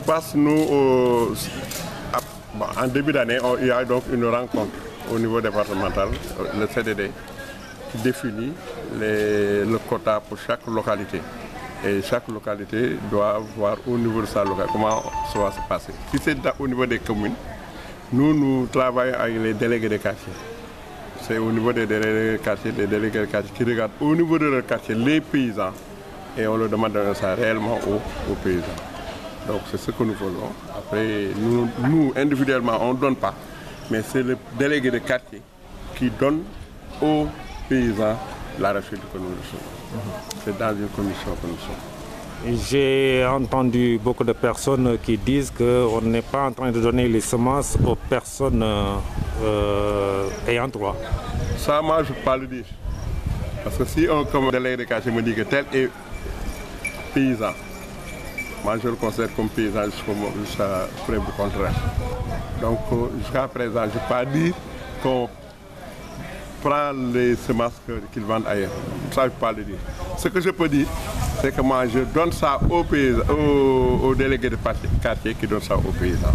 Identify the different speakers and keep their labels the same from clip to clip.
Speaker 1: passe Nous, en début d'année, il y a donc une rencontre au niveau départemental, le CDD, qui définit les, le quota pour chaque localité. Et chaque localité doit voir au niveau de sa localité comment ça va se passer. Si c'est au niveau des communes, nous, nous travaillons avec les délégués de quartiers. C'est au niveau des délégués des quartiers, des délégués de quartiers qui regardent au niveau de leur quartier les paysans et on leur demande ça réellement aux paysans. Donc c'est ce que nous voulons. Après, nous, individuellement, on ne donne pas, mais c'est le délégué de quartier qui donne aux paysans la rachète que nous recevons. C'est dans une commission que nous sommes. J'ai entendu
Speaker 2: beaucoup de personnes qui disent qu'on n'est pas en train de donner les semences aux personnes euh, ayant
Speaker 1: droit. Ça, moi, je ne peux pas le dire. Parce que si on, comme délégué de quartier me dit que tel est paysan, moi, je le considère comme paysage ça preuve le contraire. Donc, euh, jusqu'à présent, je n'ai pas dit qu'on prend les masques qu'ils vendent ailleurs. Ça, je ne peux pas le dire. Ce que je peux dire, c'est que moi, je donne ça aux, paysans, aux, aux délégués de quartier qui donnent ça aux paysans.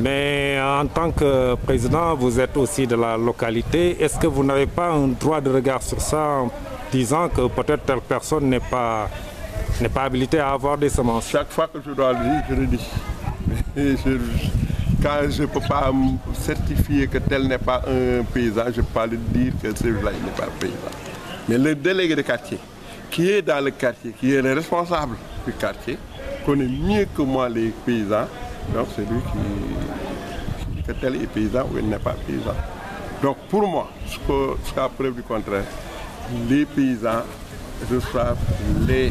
Speaker 1: Mais en tant que président, vous
Speaker 2: êtes aussi de la localité. Est-ce que vous n'avez pas un droit de regard sur ça en disant que peut-être telle personne n'est pas n'est pas habilité à avoir des semences. Chaque fois que
Speaker 1: je dois le dire, je le dis. quand je ne peux pas certifier que tel n'est pas un paysan, je ne peux pas le dire que celui-là n'est pas un paysan. Mais le délégué de quartier, qui est dans le quartier, qui est le responsable du quartier, connaît mieux que moi les paysans. Donc c'est lui qui dit que tel est paysan ou il n'est pas paysan. Donc pour moi, jusqu'à preuve du contraire, les paysans reçoivent les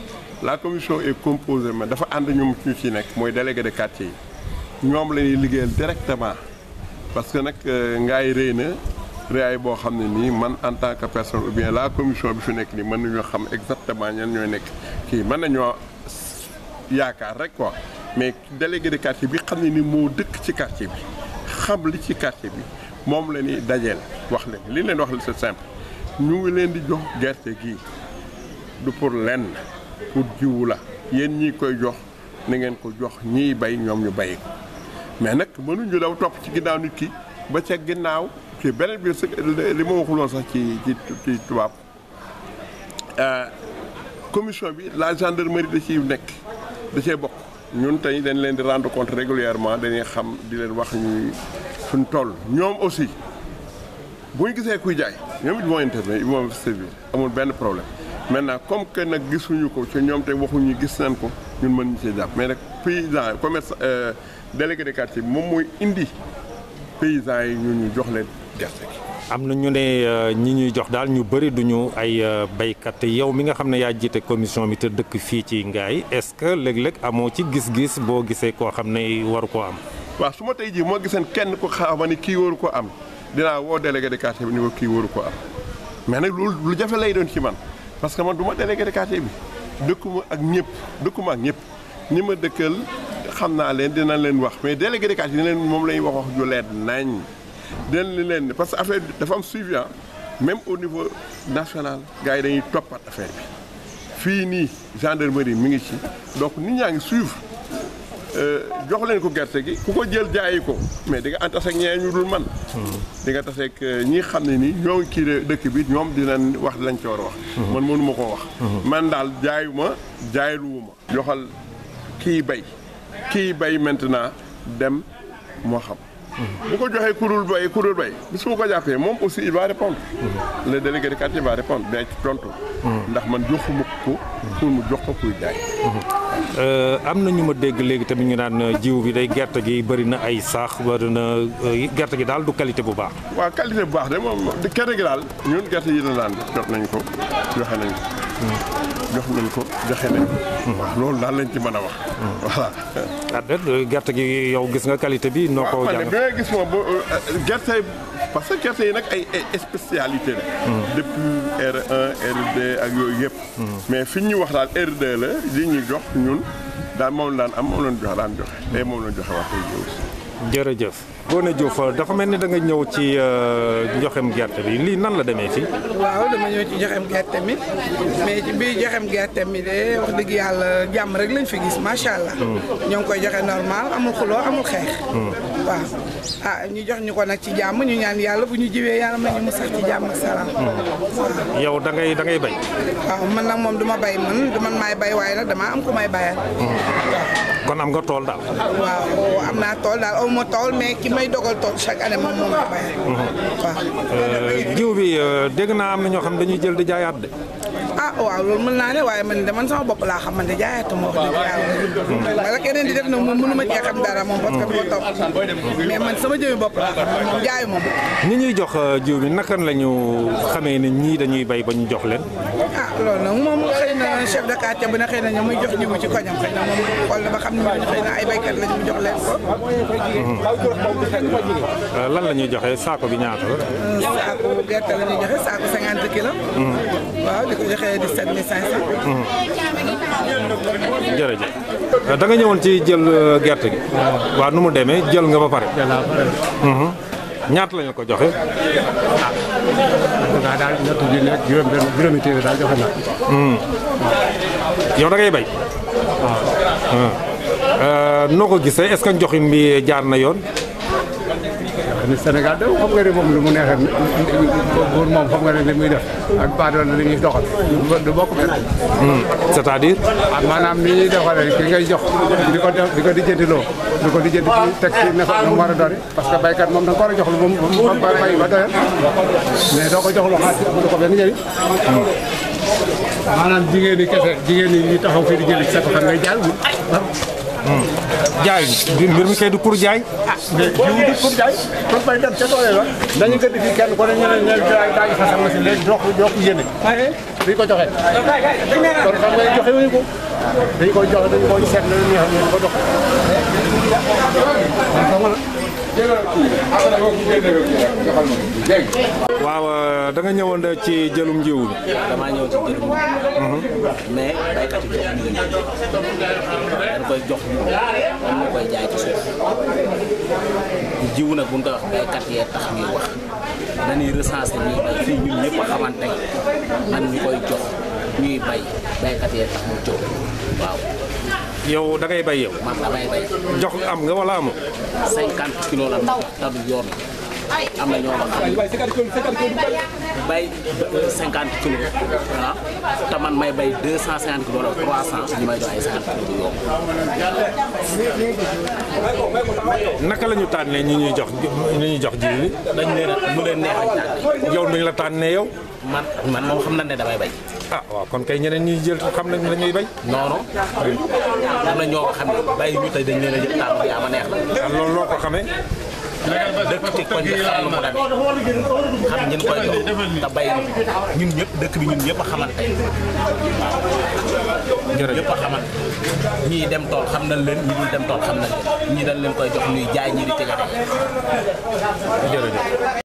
Speaker 1: la commission est composée ma dafa ànd ñoom ñu ci nekk mooy délégué de yi ñoom la ñuy liggéeyal directement parce que nag euh, ngaay rëy na ay boo xam ne nii man en tant que personne ou bien la commission bi fi nekk nii mën nañoo xam exactement ñan ñooy nekk kii mën nañoo yaakaar rek quoi mais délégué de quartier bi xam ne ni moo dëkk ci quartier bi xam li ci quartier bi moom la ñuy dajeel wax leen li leen wax li c'est simple ñu ngi leen di jox gerte gii du pour lenn. pour jiwu la yéen ñi koy jox na ngeen ko jox ñiy bay ñoom ñu bay ko mais nag mënuñu daw topp ci ginnaaw nit ki ba ca ginnaaw ci beneen bi li ma waxuloon sax ci ci ci tubaab euh, commission bi la gendarmerie da ciy nekk da cee bokk ñun tey dañ leen di rendre compte régulièrement dañuy xam di leen wax ñuy fuñ toll ñoom aussi bu ñu gisee kuy jaay ñoom it moo intervenir moom servir amul benn problème maintenant comme kenn nag gisuñu ko ci ñoom te waxuñu gis neen ko ñun mën ñu see jàpp mais nag paysan commerce euh, délégué de bi moom mooy indi paysan yi ñun ñu jox leen gerte gi.
Speaker 2: am na ñu ne euh, ñi ñuy jox daal ñu bëri duñu ay euh, baykat yow mi nga xam ne yaa jiite commission bi te dëkk fii ci Ngaye est-ce que léeg-léeg amoo ci gis-gis boo gisee koo xam ne
Speaker 1: waru koo am. waaw su ma tey jii moo giseen kenn ko xaama ne kii waru ko am dinaa woo délégué de quartier bi ni ko kii waru ko mais nag loolu lu jafe lay doon ci man. parce que man du ma délégué de quartier bi dëkkuma ak ñëpp dëkkuma ak ñëpp ñi ma dëkkal xam naa leen dina leen wax mais délégué de quartier dina leen moom la ñuy wax wax ju leer nañ dinañ leen parce que affaire dafa am suivi ah. même au niveau national gars yi dañuy toppat affaire bi fii nii gendarmerie mi ngi ci donc nit ñaa ngi suivre. Euh, jox leen ko gerte gi ku ko jël jaayi ko mais di nga antas ak ñee ñu dul man di nga taseeg euh, ñii xam ne nii ñoo ngi kii dëkk bi ñoom dinañ wax lañ ci war a wax man mënuma koo wax man daal jaayu ma jaayluwuma joxal kii bay kii bay maintenant dem moo xam bu ko joxee kuréel bay kuréel bay su ma ko jàppee moom aussi il va répondre le délégué de quartier va répondre day tontu. ndax man joxuma ko pour mu jox ko kuy jaay.
Speaker 2: Euh, am na ñu ma dégg léegi tamit ñu naan euh, jiw bi day gerte gi bëri na ay saax bëri euh, gerte gi daal du qualité bu baax.
Speaker 1: waa qualité bu baax de moom gerte gi daal ñun gerte yi la naan jot nañ ko joxe nañ jox nañ ko joxe nañ hmm. loolu daal lañ ci mën a wax. Hmm. voilà. ah déet gerte
Speaker 2: gi yow gis nga qualité bi noo ko. jàng bi
Speaker 1: nga gis moom euh, gerte parce que gerte yi nag ay ay spécialité la. Hmm. depuis R1 R2 ak yooyu yëpp. mais fi ñu wax daal R2 la li ñu jox ñun daal moom daan am moom lañ joxe daan joxe tey moom lañ joxe wax tey jërëjëf. Gone
Speaker 2: Diouf euh, dafa melni da nga ñew ci euh, joxem gerté bi li nan la démé fi
Speaker 3: waaw dama ñew ci joxem gerté mi mais ci bi joxem gerté mi dé wax dëgg yalla jàmm rek lañ fi gis ma sha Allah hmm. ñong koy joxe normal amul xulo amul xex hmm. waaw ah ñu jox ñuko nak ci jàmm ñu ñaan yalla bu ñu jiwé yalla ma ñu musax ci jàmm salam hmm.
Speaker 2: yow da ngay da ngay bay
Speaker 3: waaw man nak mom duma bay man duma may bay way nak dama am ku may bayal
Speaker 2: kon am nga tol dal
Speaker 3: waaw amna tol dal amu tol mais ki may dogal tool chaque année moom moo may bàyyi.
Speaker 2: waaw. jiw bi euh, dégg naa am na ñoo xam dañuy jël di jaayaat de.
Speaker 3: ah waaw loolu mën naa ne waaye man de man sama bopp laa xam man de jaayatuma wax dëgg ma cee xam dara moom ma topp sama jëmi bopp jaayu moom
Speaker 2: ni ñuy jox euh, jiw bi naka la ñu xamee ne ñii dañuy bay ba ñu jox leen
Speaker 3: ah loolu nag moom na xëy na ñu muy jox jiwu ci koñam xëy na moom xool na ba xam ne ñu xëy na ay baykat la ñu jox leen ko
Speaker 2: euh, lan la ñuy joxe saako bi ñaata
Speaker 3: la saako gerte la joxe saako cinquante kilos mm-hmm. waaw di ko joxee
Speaker 2: ñëwoon ci jël euh, gerte gi. waaw nu mu demee jël nga ba pare. Mhm. ñaata lañu ko joxe. ah. daal bi nekk juróom benn na. Mhm. ngay bay. waaw. Mhm. Euh, noo ko gisee est-ce que njoxin bi jaar na yoon. ne Sénégal de xam nga ne mu neexee buur moom xam nga ne li muy def ak baadool li ñuy doxal du bokk benn hmm. c'est-à-dire ah, maanaam ni ñuy doxalee ngay jox di ko di ko loo di ko dijjanti teg ci ne ko mu war a doon parce que baykat moom na nga ko war jox lu moom ba bay ba doyal mais doo ko jox lu xaalis du ko benn njëriñ hmm.
Speaker 3: maanaam jigéen ñi kese jigéen di jëli sa ko xam ngay jaal Hmm. jaay
Speaker 2: mbir mi kay du pour jaay jiw du si dañ
Speaker 3: ko joxe dañ
Speaker 2: koy joxe dañ koy xam ko dox waaw euh, da nga ñëwoon ci jëlum njiw bi.
Speaker 3: damaa ñëw ci jëlum mhm. mais baykat jox ñu dañ koy jox ñu na koy jaay ci suuf jiw baykat yee tax ñuy wax dañuy recenser ñuy bay fii ñun ñëpp a xamante
Speaker 1: ne
Speaker 3: man koy jox ñuy bay
Speaker 2: baykat yee tax mu jóg waaw. yow da ngay bay yow. man damay bay. jox am nga walaamu amoo. kilos la ndaw te du yoon
Speaker 3: bay cinquante kilos ah te man may bay deux cent cinquante kilos wala trois cent ñu
Speaker 2: may naka la ñu tànnee ñi ñuy jox ñi ñuy jox jiw yi. dañ leen
Speaker 1: a mu leen neex a
Speaker 2: yow nuñ la tànnee yow. man man moom xam na ne damay bay. ah waaw kon kay ñeneen ñuy jël xam nañ lañuy ñuy bay. non non. am ñoo ko xam ne bay ñu tey dañ leen a jël tànn yaa ma neex la. Ah, loolu loo ko xamee. dëkk ci koñ bi xam
Speaker 3: nu mu demee
Speaker 2: xam ñin koy jox
Speaker 3: te bay ñun ñëpp dëkk bi ñun ñëpp a xamante
Speaker 1: waaw
Speaker 3: ñun ñëpp a xamante ñii dem tool xam nañ leen ñi dul dem tool xam nañ leen ñii dañ leen koy jox ñuy jaay ñii di tegate jërëjëf